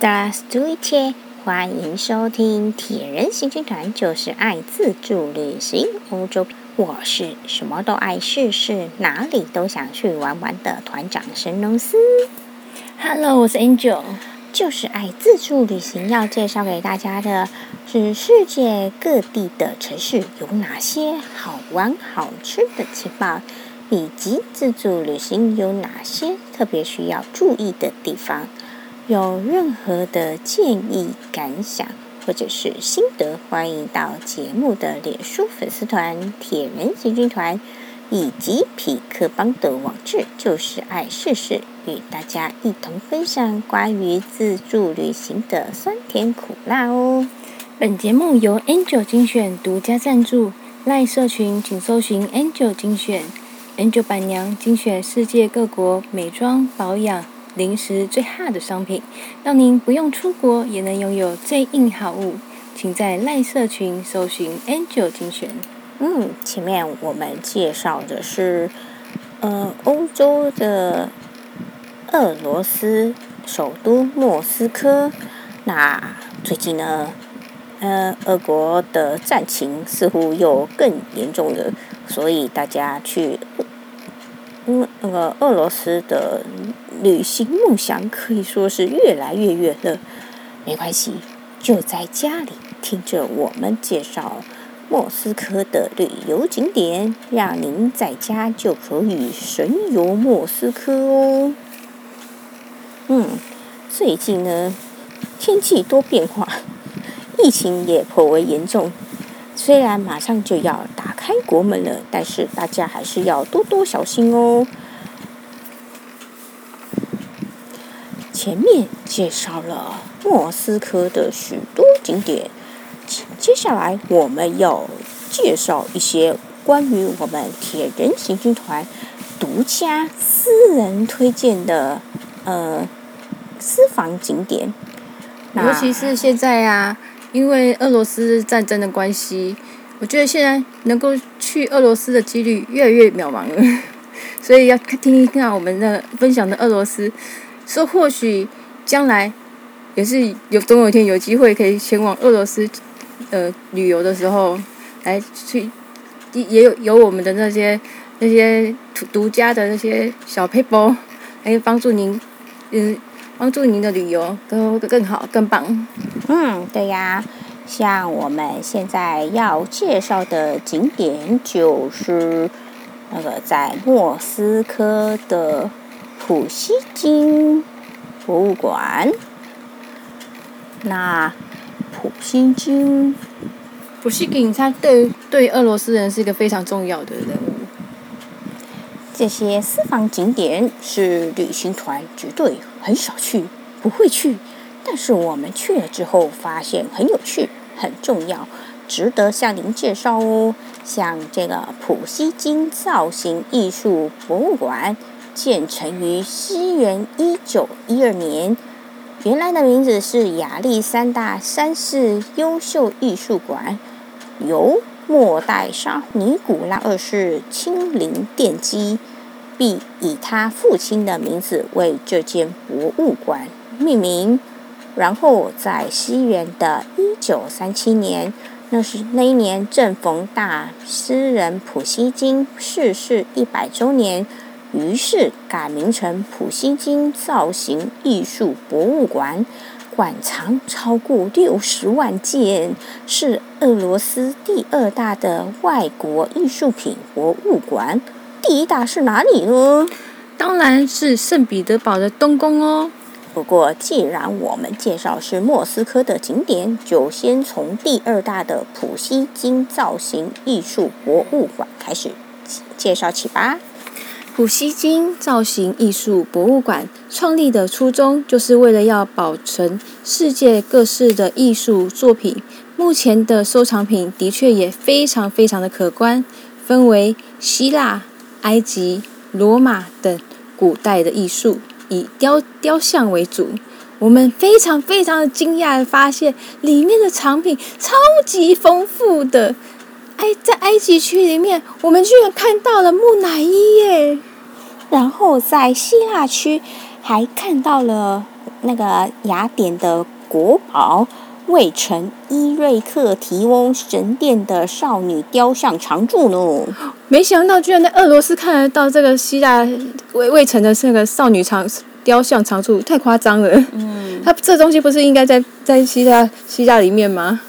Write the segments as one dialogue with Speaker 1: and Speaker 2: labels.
Speaker 1: 大家好，歡迎收聽《鐵人行軍團》，就是愛自助旅行。歐洲，我是什麼都愛試試，哪裡都想去玩玩的團長神龍斯。Hello，我是 Angel，就是愛自助旅行。要介紹給大家的是世界各地的城市有哪些好玩好吃的地方，以及自助旅行有哪些特別需要注意的地方。有任何的建議、感想，或者是心得，歡迎到節目的臉書粉絲團“鐵人行軍團”，以及匹克邦的網誌，就是愛試試，與大家一同分享關於自助旅行的酸甜苦辣哦。本
Speaker 2: 節目由 Angel 精選獨家贊助，賴 社群請搜尋 Angel 精選，Angel 板娘精選世界各國美妝保養。零食最 hard 的商品，讓您不用出國也能擁有最硬好物，請在賴社群搜尋 Angel 精選。嗯，前面我們介紹
Speaker 1: 的是，呃，歐洲的俄羅斯首都莫斯科。那最近呢，呃，俄國的戰情似乎又更嚴重了，所以大家去，俄、嗯、那個俄羅斯的。旅行夢想可以說是越來越遠了，沒關係，就在家裡聽着我們介紹莫斯科的旅遊景點，讓您在家就可以神遊莫斯科哦。嗯，最近呢，天氣多變化，疫情也頗為嚴重，雖然馬上就要打開國門了，但是大家還是要多多小心哦。前面介紹了莫斯科的許多景點，接下來我們要介紹一些關於我們鐵人行軍團獨家私人推薦的呃
Speaker 2: 私房景
Speaker 1: 點。尤其是
Speaker 2: 現在啊，因為俄羅斯戰爭的關係，我覺得現在能夠去俄羅斯的幾率越來越渺茫了， 所以要聽一下我們的分享的俄羅斯。說或許將來也是有，總有一天有機會可以前往俄羅斯，呃，旅遊的時候，來去，也有有我們的那些那些獨獨家的那些小撇步，來幫助您，嗯，幫助您的旅遊更更好更棒。嗯，對呀，
Speaker 1: 像我們現在要介紹的景點就是那個在莫斯科的。普希金
Speaker 2: 博物館。那普希金，普希金他對對俄羅斯人是一個非常重要的人物。
Speaker 1: 這些私房景點是旅行團絕對很少去，不會去。但是我們去了之後，發現很有趣，很重要，值得向您介紹哦。像這個普希金造型藝術博物館。建成於西元一九一二年，原來的名字是亞歷山大三世優秀藝術館，由末代沙尼古拉二世親臨奠基，並以他父親的名字為這間博物館命名。然後在西元的一九三七年，那是那一年正逢大詩人普希金逝世，世一百周年。於是改名成普希金造型藝術博物館，館藏超過六十萬件，是俄羅斯第二大的外國藝術品博物館。第一大是哪裡呢？當然是聖彼得堡的冬宮哦。不過既然我們介紹是莫斯科的景點，就先從第二大的普希金造型藝術博物館開始介
Speaker 2: 紹起吧。普希金造型藝術博物館創立的初衷，就是為了要保存世界各式的藝術作品。目前的收藏品的確也非常非常的可觀，分為希臘、埃及、羅馬等古代的藝術，以雕雕像為主。我們非常非常的驚訝的發現，裡面的藏品超級豐富的。在埃及區裡面，我們居然看到了木乃伊耶，然後在希臘區還看到
Speaker 1: 了那個雅典的國寶——衛城伊瑞克
Speaker 2: 提翁神殿的少女雕像常駐呢。沒想到居然在俄羅斯看得到這個希臘衛衛城的那個少女常雕像常駐，太誇張了。嗯，他這東西不是應該在在希臘希臘裡面嗎？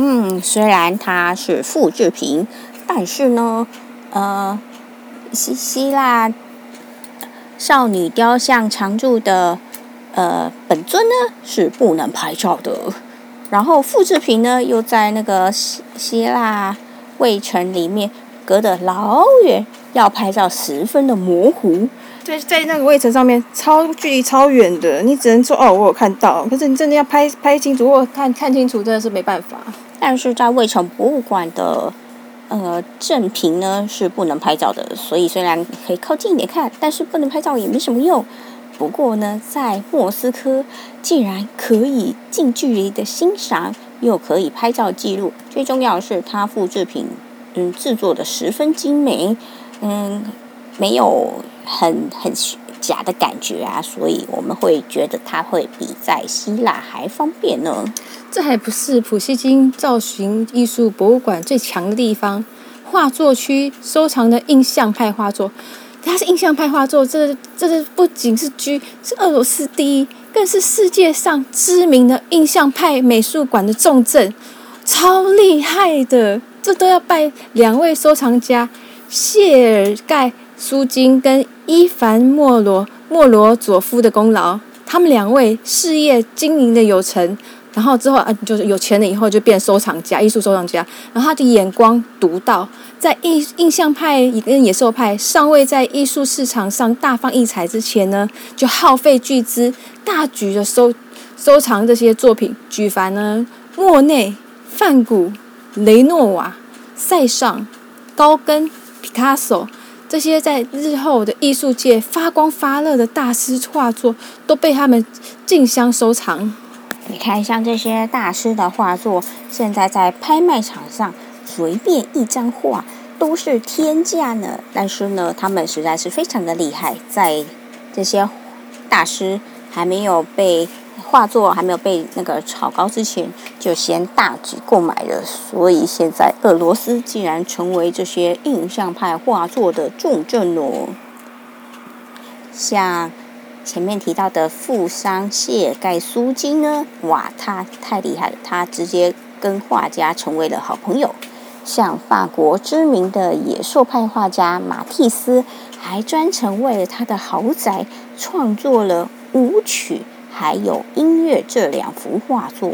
Speaker 2: 嗯，雖然它是複製品，但是呢，呃，
Speaker 1: 希希臘少女雕像常駐的呃本尊呢是不能拍照的。然後複製品呢又在那個希臘衛城裡面，隔得老遠，
Speaker 2: 要拍照十分的模糊。在在那個衛城上面，超距離超遠的，你只能說哦，我有看到。可是你真的要拍拍清楚，我看看清楚，真的是沒辦法。
Speaker 1: 但是在衛城博物館的呃正品呢是不能拍照的，所以雖然可以靠近一點看，但是不能拍照也沒什麼用。不過呢，在莫斯科，既然可以近距離的欣賞，又可以拍照記錄，最重要的是它複製品嗯制作的十分精美，嗯沒有很很假的感覺啊，所以我們會覺得它會比在希臘還方便呢。
Speaker 2: 這還不是普希金造型藝術博物館最強的地方，畫作區收藏的印象派畫作，它是印象派畫作，這這不僅是居是俄羅斯第一，更是世界上知名的印象派美術館的重鎮，超厲害的！這都要拜兩位收藏家謝爾蓋舒金跟伊凡莫羅莫羅佐夫的功勞，他們兩位事業經營的有成。然後之後啊，就是有錢了以後就變收藏家、藝術收藏家。然後他的眼光獨到，在印印象派跟野獸派尚未在藝術市場上大放異彩之前呢，就耗費巨資，大舉的收收藏這些作品。舉凡呢，莫內、梵谷、雷諾瓦、塞尚、高更、皮卡索這些在日後的藝術界發光發熱的大師畫作，都被他們競相收藏。你看，像這些大師的畫作，現在
Speaker 1: 在拍賣場上隨便一張畫都是天價呢。但是呢，他們實在是非常的厲害，在這些大師還沒有被畫作還沒有被那個炒高之前，就先大舉購買了。所以現在俄羅斯竟然成為這些印象派畫作的重鎮哦，像。前面提到的富商謝蓋蘇金呢，哇，他太厲害了！他直接跟畫家成為了好朋友，像法國知名的野獸派畫家馬蒂斯，還專程為了他的豪宅創作了《舞曲》還有《音樂》這兩幅畫作。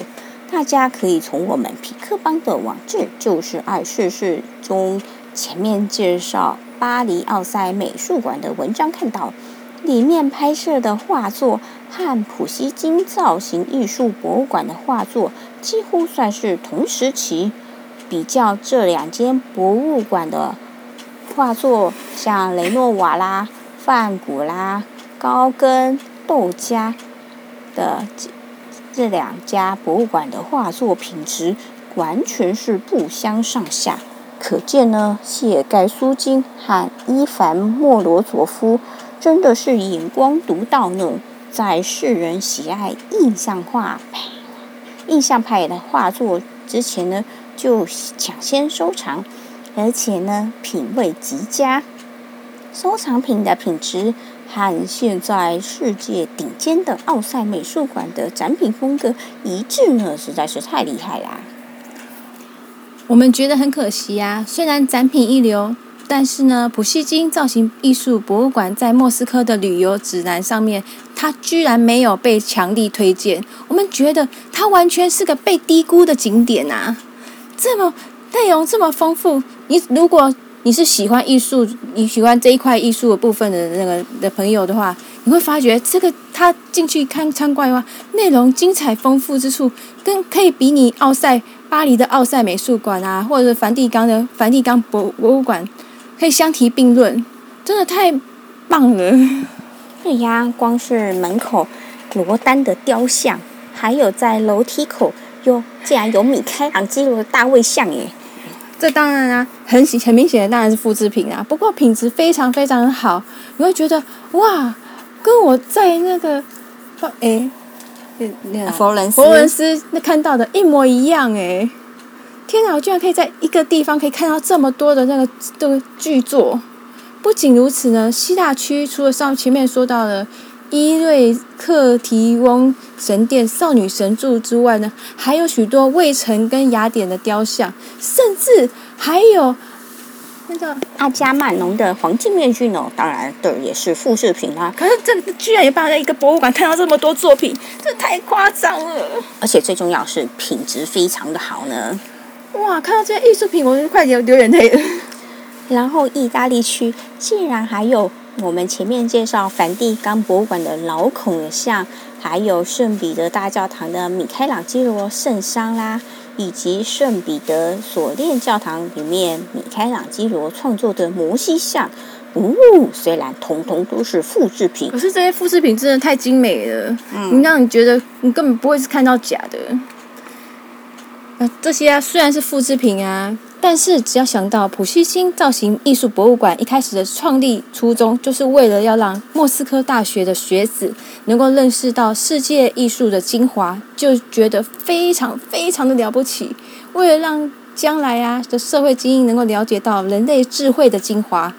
Speaker 1: 大家可以從我們痞客邦的網站，就是愛趣事中前面介紹巴黎奧賽美術館的文章看到。裡面拍攝的畫作和普希金造型藝術博物館的畫作幾乎算是同時期。比較這兩間博物館的畫作，像雷諾瓦啦、梵谷啦、高更、竇加的這兩家博物館的畫作品質完全是不相上下。可見呢，謝蓋蘇金和伊凡莫羅佐夫。真的是眼光獨到呢，在世人喜愛印象畫、印象派的畫作之前呢，就搶先收藏，而且呢，品味極佳，收藏品的品質和現在世界頂尖的奧賽美術館的展品風格一致呢，實在是太厲害啦！
Speaker 2: 我們覺得很可惜呀、啊，雖然展品一流。但是呢，普希金造型藝術博物館在莫斯科的旅遊指南上面，它居然沒有被強力推薦。我們覺得它完全是個被低估的景點啊！這麼內容這麼豐富，你如果你是喜歡藝術，你喜歡這一塊藝術的部分的那個的朋友的話，你會發覺這個它進去看參觀的話，內容精彩豐富之處，跟可以比擬奧賽巴黎的奧賽美術館啊，或者是梵蒂岡的梵蒂岡博博物館。可以相提並論，真的太棒了！對呀，光是門口
Speaker 1: 羅丹的雕像，還有在樓梯口喲，竟然有米開朗基羅
Speaker 2: 的大衛像耶！這當然啦、啊，很顯很明顯的當然是複製品啊，不過品質非常非常的好，你會覺得哇，跟我在那個、欸啊、佛誒佛佛倫斯那看到的一模一樣誒。天啊！我居然可以在一個地方可以看到這麼多的那個的巨、這個、作。不僅如此呢，希臘區除了上前面說到的伊瑞克提翁神殿、少女神柱之外呢，還有許多衛城跟雅典的雕像，甚至還有那個阿加曼農的黃
Speaker 1: 金面具哦。當然，這也是複制品啦、啊。可是這居然也有辦法在一個博物館看到這麼多作品，這太誇張了！而且最重要是品質非常的好呢。哇，看到這些藝術品，我就快點流，流眼淚了。然後意大利區竟然還有我們前面介紹梵蒂岡博物館的老孔的像，還有聖彼得大教堂的米開朗基羅聖殤啦，以及聖彼得鎖鏈教堂裡面米開朗基羅創作的摩西像。哦，雖然統統都是複製品，可
Speaker 2: 是這些複製品真的太精美了，嗯，你讓你覺得你根本不會是看到假的。這些啊，雖然是複製品啊，但是只要想到普希金造型藝術博物館一開始的創立初衷，就是為了要讓莫斯科大學的學子能夠認識到世界藝術的精華，就覺得非常非常的了不起。為了讓將來啊的社會精英能夠了解到人類智慧的精華。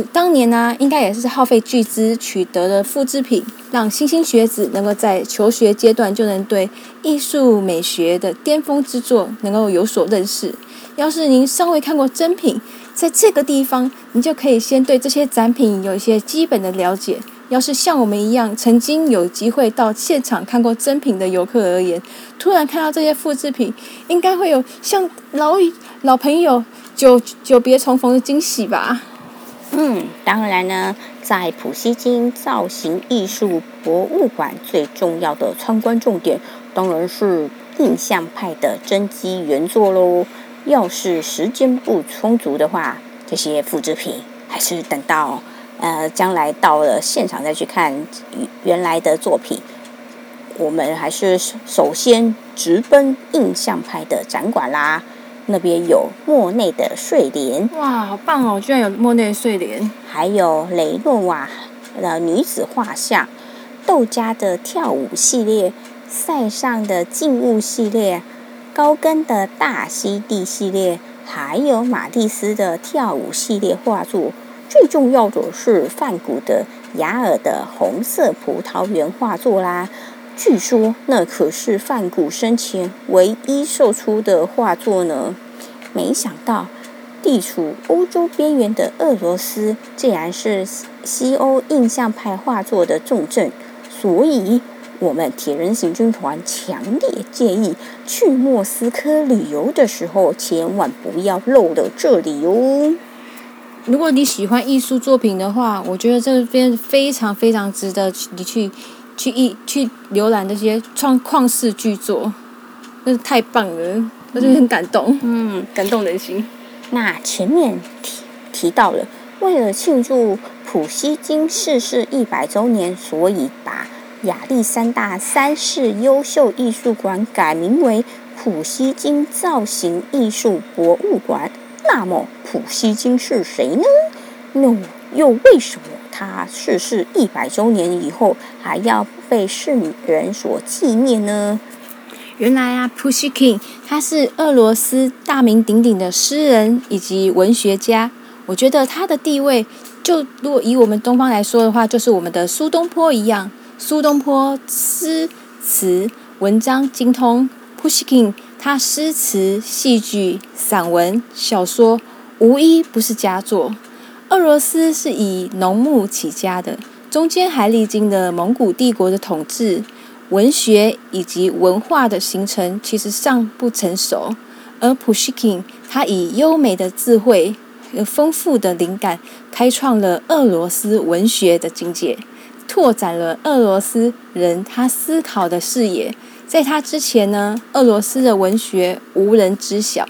Speaker 2: 嗯，當年呢，啊，應該也是耗費巨資取得的複製品，讓莘莘學子能夠在求學階段就能對藝術美學的巔峰之作能夠有所認識。要是您尚未看過真品，在這個地方，您就可以先對這些展品有一些基本的了解。要是像我們一樣曾經有機會到現場看過真品的遊客而言，突然看到這些複製品，應該會有像老老朋友久久別重逢的驚喜吧。
Speaker 1: 嗯，當然呢，在普希金造型藝術博物館最重要的參觀重點，當然是印象派的真跡原作嘍。要是時間不充足的話，這些複製品還是等到，呃，將來到了現場再去看原來的作品。我們還是首先直奔印象派的展館啦。那邊有莫內的睡蓮，哇，好棒哦！居然有莫內的睡蓮，還有雷諾瓦的女子畫像，竇加的跳舞系列，塞尚的靜物系列，高更的大溪地系列，還有馬蒂斯的跳舞系列畫作。最重要的是，梵谷的雅爾的紅色葡萄園畫作啦。據說那可是梵谷生前唯一售出的畫作呢。沒想到，地處歐洲邊緣的俄羅斯，竟然是西歐印象派畫作的重鎮。所以，我們鐵人行軍團強烈建議，去莫斯科旅遊的時候，千萬不要漏到這裡哦。
Speaker 2: 如果你喜歡藝術作品的話，我覺得這邊非常非常值得你去。去一去瀏覽那些創曠世巨作，真是太棒了，真的很感動。嗯，嗯，感動人心。那前面提提到了，為了慶
Speaker 1: 祝普希金逝世一百周年，所以把亞歷山大三世優秀藝術館改名為普希金造型藝術博物館。那麼，普希金是誰呢？No。嗯又為什麼他逝世一百周年以後還要被世
Speaker 2: 人所紀念呢？原來啊，普希金他是俄羅斯大名鼎鼎的詩人以及文學家。我覺得他的地位，就如果以我們東方來說的話，就是我們的蘇東坡一樣。蘇東坡詩詞文章精通，普希金他詩詞、戲劇、散文、小說，無一不是佳作。俄羅斯是以農牧起家的，中間還歷經了蒙古帝國的統治，文學以及文化的形成其實尚不成熟。而普希金他以優美的智慧和豐富的靈感，開創了俄羅斯文學的境界，拓展了俄羅斯人他思考的視野。在他之前呢，俄羅斯的文學無人知曉。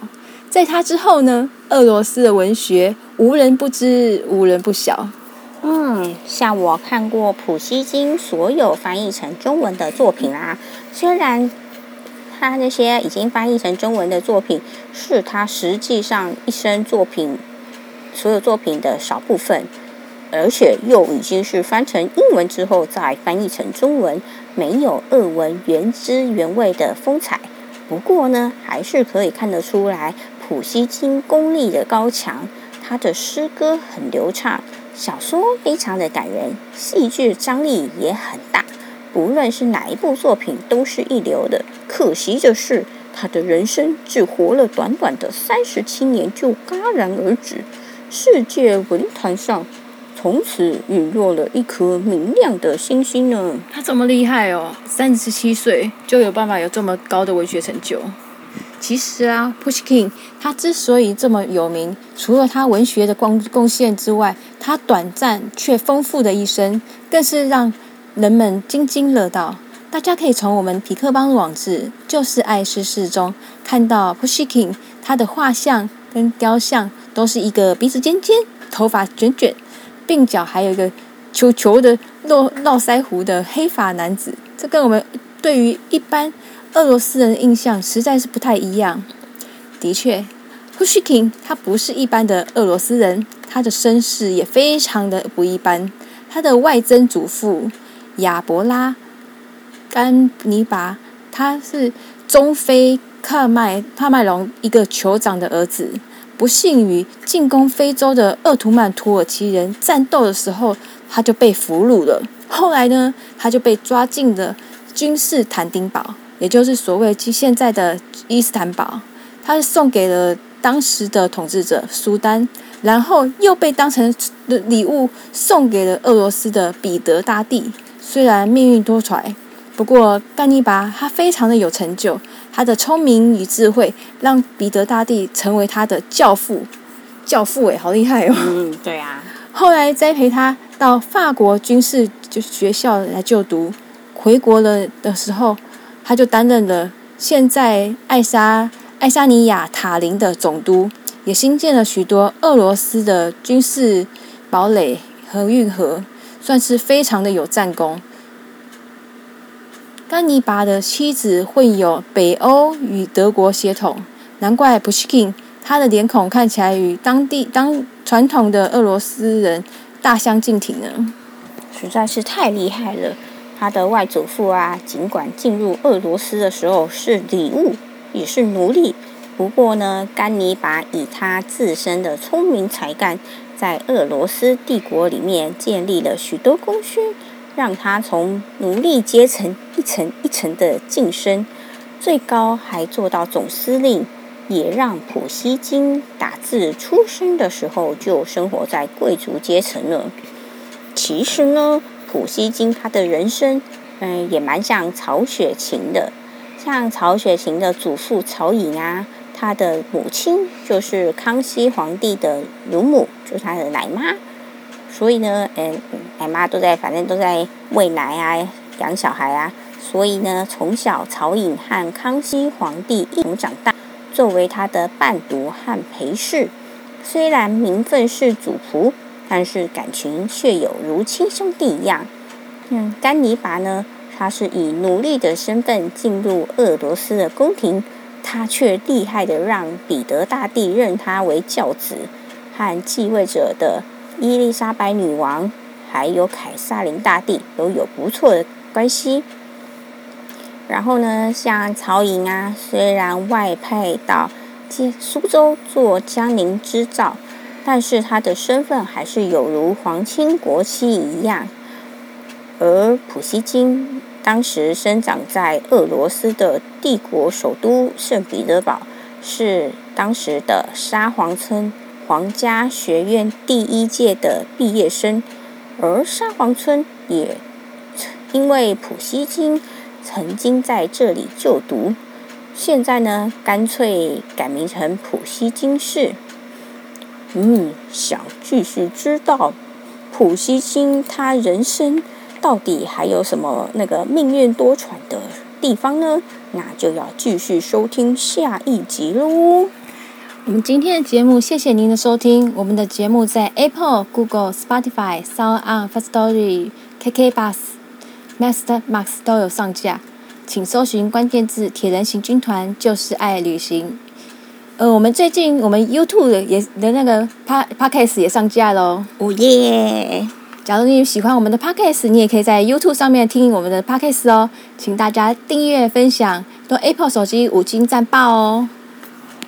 Speaker 2: 在他之後呢，俄羅斯的文學無人不知，無人不曉。嗯，像我看過普
Speaker 1: 希金所有翻譯成中文的作品啦、啊，雖然他那些已經翻譯成中文的作品是他實際上一生作品所有作品的少部分，而且又已經是翻成英文之後再翻譯成中文，沒有俄文原汁原味的風采。不過呢，還是可以看得出來。普希金功力的高強，他的詩歌很流暢，小說非常的感人，戲劇張力也很大。不論是哪一部作品，都是一流的。可惜的是，他的人生只活了短短的三十七年就戛然而止，世界文壇上
Speaker 2: 從此隕落了一顆明亮的星星呢。他這麼厲害哦，三十七歲就有辦法有這麼高的文學成就。其實啊，Pushkin，他之所以這麼有名，除了他文學的貢貢獻之外，他短暫卻豐富的一生，更是讓人們津津樂道。大家可以從我們匹克邦網誌《就是愛世事》中看到 Pushkin 他的畫像跟雕像，都是一個鼻子尖尖，頭髮捲捲，鬢角還有一個球球的絡絡腮胡的黑髮男子。這跟我們對於一般俄羅斯人的印象實在是不太一樣。的確，普希金他不是一般的俄羅斯人，他的身世也非常的不一般。他的外曾祖父亞伯拉甘尼拔，他是中非喀麥帕麥隆一個酋長的兒子。不幸於進攻非洲的奧圖曼土耳其人戰鬥的時候，他就被俘虜了。後來呢，他就被抓進了君士坦丁堡。也就是所謂現在的伊斯坦堡，他送給了當時的統治者蘇丹，然後又被當成禮物送給了俄羅斯的彼得大帝。雖然命運多舛，不過甘尼拔他非常的有成就，他的聰明與智慧讓彼得大帝成為他的教父。教父誒、欸，好厲害哦！嗯、對啊。後來栽培他到法國軍事就是學校來就讀，回國了的時候。他就擔任了現在愛沙愛沙尼亞塔林的總督，也新建了許多俄羅斯的軍事堡壘和運河，算是非常的有戰功。甘尼拔的妻子混有北歐與德國血統，難怪 Pushkin 他的臉孔看起來與當地當傳統的俄羅斯人大相徑庭呢，實在是太厲害了。他的外祖父啊，
Speaker 1: 儘管進入俄羅斯的時候是禮物，也是奴隸。不過呢，甘尼拔以他自身的聰明才幹，在俄羅斯帝國裡面建立了許多功勳，讓他從奴隸階層一層一層的晉升，最高還做到總司令，也讓普希金打自出生的時候就生活在貴族階層了。其實呢。普希金他的人生，嗯，也蠻像曹雪芹的，像曹雪芹的祖父曹寅啊，他的母親就是康熙皇帝的乳母，就是他的奶媽，所以呢，嗯、哎，奶媽都在，反正都在餵奶啊，養小孩啊，所以呢，從小曹寅和康熙皇帝一同長大，作為他的伴讀和陪侍，雖然名分是主僕。但是感情卻有如親兄弟一樣。嗯，甘尼拔呢，他是以奴隸的身份進入俄羅斯的宮廷，他卻厲害的讓彼得大帝認他為教子，和繼位者的伊麗莎白女王，還有凱薩琳大帝都有不錯的關係。然後呢，像曹寅啊，雖然外派到蘇州做江寧織造。但是他的身份還是有如皇親國戚一樣，而普希金當時生長在俄羅斯的帝國首都聖彼得堡，是當時的沙皇村皇家學院第一屆的畢業生，而沙皇村也因為普希金曾經在這裡就讀，現在呢，乾脆改名成普希金市。嗯，想繼續知道普希金他人生到底還有什麼那個命運多舛
Speaker 2: 的地方呢？那就要繼續收聽下一集嘍。我們今天的節目，謝謝您的收聽。我們的節目在 Apple、Google、Spotify、Sound On、Firstory、KK Bus、Master Max 都有上架，請搜尋關鍵字“鐵人行軍團”，就是愛旅行。呃，我們最近我們 YouTube 也的那個 pa podcast 也上架嘍、哦。哦耶！假如你喜歡我們的 podcast 你也可以在 YouTube 上面聽我們的 podcast 哦。請大家訂閱、分享，用 Apple 手機五金讚爆哦。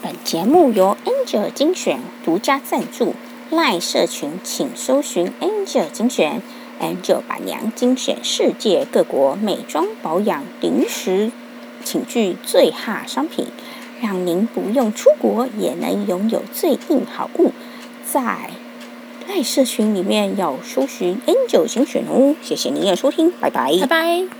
Speaker 2: 本節目由 Angel 精選獨家贊助，
Speaker 1: 賴社群請搜尋 Angel 精選，Angel 板娘精選世界各國美妝保養零食，請去最哈商品。讓您不用出國也能擁有最硬好物，在愛社群裡面要搜尋 N 九型選哦，謝謝您的收聽，拜拜，拜拜。